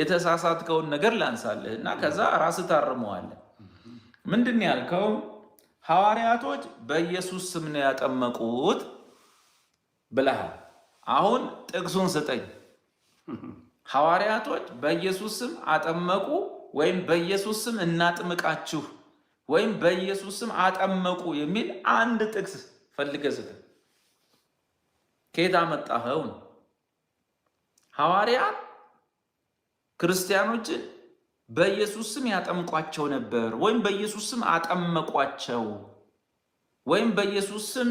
የተሳሳትከውን ነገር ላንሳልህ እና ከዛ ራስ ታርመዋለህ። ምንድን ያልከው? ሐዋርያቶች በኢየሱስ ስም ነው ያጠመቁት ብለሃል። አሁን ጥቅሱን ስጠኝ። ሐዋርያቶች በኢየሱስ ስም አጠመቁ ወይም በኢየሱስ ስም እናጥምቃችሁ ወይም በኢየሱስ ስም አጠመቁ የሚል አንድ ጥቅስ ፈልገህ ስጠኝ። ከየት አመጣኸውን? ሐዋርያት ክርስቲያኖችን በኢየሱስ ስም ያጠምቋቸው ነበር፣ ወይም በኢየሱስ ስም አጠመቋቸው፣ ወይም በኢየሱስ ስም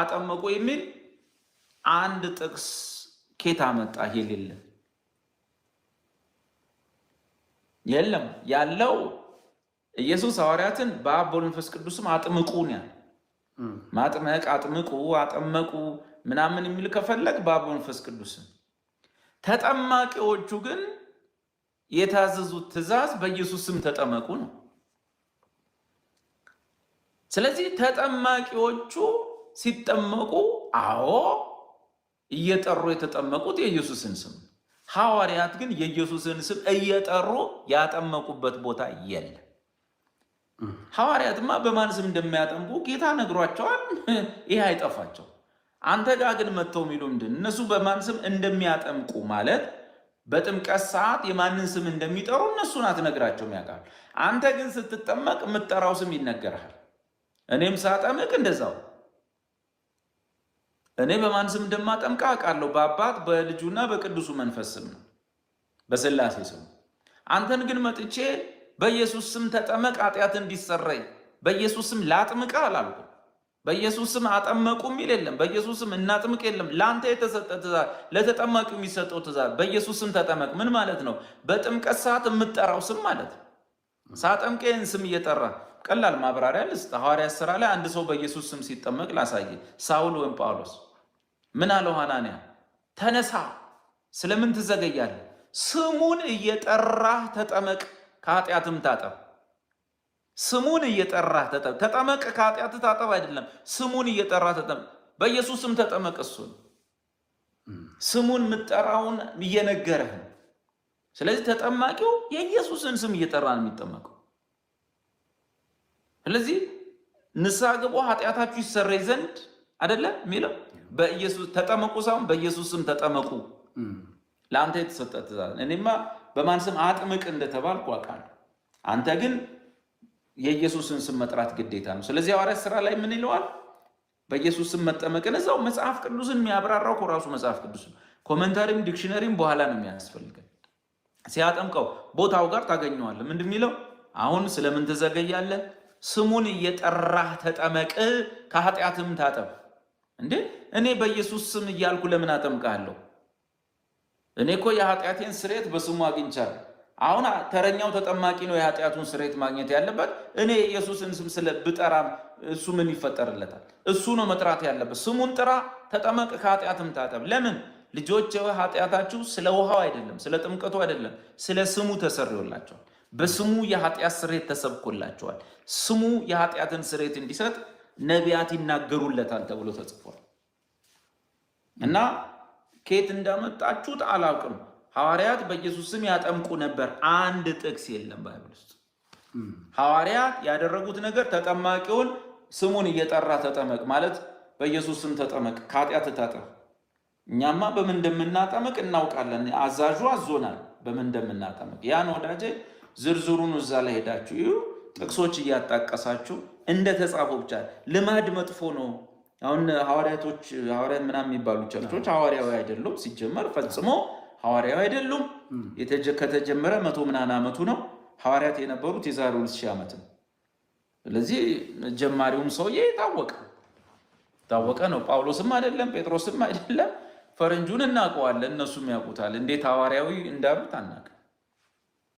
አጠመቁ የሚል አንድ ጥቅስ ኬታ መጣ? የሌለ የለም። ያለው ኢየሱስ ሐዋርያትን በአብ በወልድ በመንፈስ ቅዱስም አጥምቁ ነው ማጥመቅ አጥምቁ፣ አጠመቁ ምናምን የሚል ከፈለግ በአብ በመንፈስ ቅዱስም ተጠማቂዎቹ ግን የታዘዙት ትእዛዝ በኢየሱስ ስም ተጠመቁ ነው። ስለዚህ ተጠማቂዎቹ ሲጠመቁ አዎ እየጠሩ የተጠመቁት የኢየሱስን ስም ነው። ሐዋርያት ግን የኢየሱስን ስም እየጠሩ ያጠመቁበት ቦታ የለም። ሐዋርያትማ በማን ስም እንደሚያጠምቁ ጌታ ነግሯቸዋል። ይህ አይጠፋቸው። አንተ ጋር ግን መጥተው የሚሉ ምንድን እነሱ በማን ስም እንደሚያጠምቁ ማለት በጥምቀት ሰዓት የማንን ስም እንደሚጠሩ እነሱን አትነግራቸውም፣ ያውቃል። አንተ ግን ስትጠመቅ የምትጠራው ስም ይነገርሃል። እኔም ሳጠምቅ እንደዛው እኔ በማን ስም እንደማጠምቃ አውቃለሁ። በአባት በልጁና በቅዱሱ መንፈስ ስም ነው፣ በስላሴ ስም። አንተን ግን መጥቼ በኢየሱስ ስም ተጠመቅ ኃጢአት እንዲሰረይ በኢየሱስ ስም ላጥምቀ አላልኩም። በኢየሱስም ስም አጠመቁ የሚል የለም። በኢየሱስ ስም እናጥምቅ የለም። ለአንተ የተሰጠ ትእዛዝ፣ ለተጠማቂው የሚሰጠው ትእዛዝ በኢየሱስም ስም ተጠመቅ ምን ማለት ነው? በጥምቀት ሰዓት የምጠራው ስም ማለት ሳጠምቄን ስም እየጠራ ቀላል ማብራሪያ ልስጥ። ሐዋርያት ሥራ ላይ አንድ ሰው በኢየሱስ ስም ሲጠመቅ ላሳየ። ሳውል ወይም ጳውሎስ ምን አለው? ሐናንያ ተነሳ፣ ስለምን ትዘገያለህ? ስሙን እየጠራህ ተጠመቅ፣ ከኃጢአትም ታጠብ ስሙን እየጠራህ ተጠም ተጠመቅ ከኃጢአት ታጠብ አይደለም፣ ስሙን እየጠራህ ተጠም በኢየሱስም ተጠመቅ። እሱን ስሙን የምጠራውን እየነገረህ ነው። ስለዚህ ተጠማቂው የኢየሱስን ስም እየጠራ ነው የሚጠመቀው። ስለዚህ ንስሐ ግቡ ኃጢአታችሁ ይሰረይ ዘንድ አይደለም የሚለው በኢየሱስ ተጠመቁ ሳይሆን በኢየሱስ ስም ተጠመቁ። ለአንተ የተሰጠ ትእዛዝ። እኔማ በማን ስም አጥምቅ እንደተባልኩ አውቃለሁ። አንተ ግን የኢየሱስን ስም መጥራት ግዴታ ነው። ስለዚህ ሐዋርያት ስራ ላይ ምን ይለዋል? በኢየሱስ ስም መጠመቅን እዛው መጽሐፍ ቅዱስን የሚያብራራው ከራሱ መጽሐፍ ቅዱስ ነው። ኮመንታሪም ዲክሽነሪም በኋላ ነው የሚያስፈልገን። ሲያጠምቀው ቦታው ጋር ታገኘዋለ ምንድን የሚለው አሁን ስለምን ትዘገያለህ? ስሙን እየጠራህ ተጠመቅ፣ ከኃጢአትም ታጠብ። እንዴ እኔ በኢየሱስ ስም እያልኩ ለምን አጠምቃለሁ? እኔ እኮ የኃጢአቴን ስርየት በስሙ አግኝቻለሁ። አሁን ተረኛው ተጠማቂ ነው የኃጢአቱን ስርየት ማግኘት ያለበት። እኔ ኢየሱስን ስም ስለ ብጠራም እሱ ምን ይፈጠርለታል? እሱ ነው መጥራት ያለበት። ስሙን ጥራ፣ ተጠመቅ፣ ከኃጢአትም ታጠብ። ለምን ልጆች ኃጢአታችሁ ስለ ውሃው አይደለም፣ ስለ ጥምቀቱ አይደለም፣ ስለ ስሙ ተሰርዮላቸዋል። በስሙ የኃጢአት ስርየት ተሰብኮላቸዋል። ስሙ የኃጢአትን ስርየት እንዲሰጥ ነቢያት ይናገሩለታል ተብሎ ተጽፏል። እና ከየት እንዳመጣችሁት አላውቅም ሐዋርያት በኢየሱስ ስም ያጠምቁ ነበር። አንድ ጥቅስ የለም ባይብል ውስጥ ሐዋርያት ያደረጉት ነገር ተጠማቂውን ስሙን እየጠራ ተጠመቅ ማለት በኢየሱስ ስም ተጠመቅ፣ ከኃጢአት ታጠብ። እኛማ በምን እንደምናጠምቅ እናውቃለን። አዛዡ አዞናል በምን እንደምናጠምቅ። ያን ወዳጄ ዝርዝሩን እዛ ላይ ሄዳችሁ ይሁ ጥቅሶች እያጣቀሳችሁ እንደ ተጻፈው ብቻ። ልማድ መጥፎ ነው። አሁን ሐዋርያቶች ሐዋርያት ምናምን የሚባሉ ቸርቾች ሐዋርያዊ አይደሉም ሲጀመር ፈጽሞ ሐዋርያው አይደሉም። ከተጀመረ መቶ ምናምን ዓመቱ ነው። ሐዋርያት የነበሩት የዛሬ ሁለት ሺህ ዓመት ነው። ስለዚህ ጀማሪውም ሰውዬ የታወቀ ታወቀ ነው። ጳውሎስም አይደለም ጴጥሮስም አይደለም። ፈረንጁን እናውቀዋለን፣ እነሱም ያውቁታል። እንዴት ሐዋርያዊ እንዳሉት አናውቅም።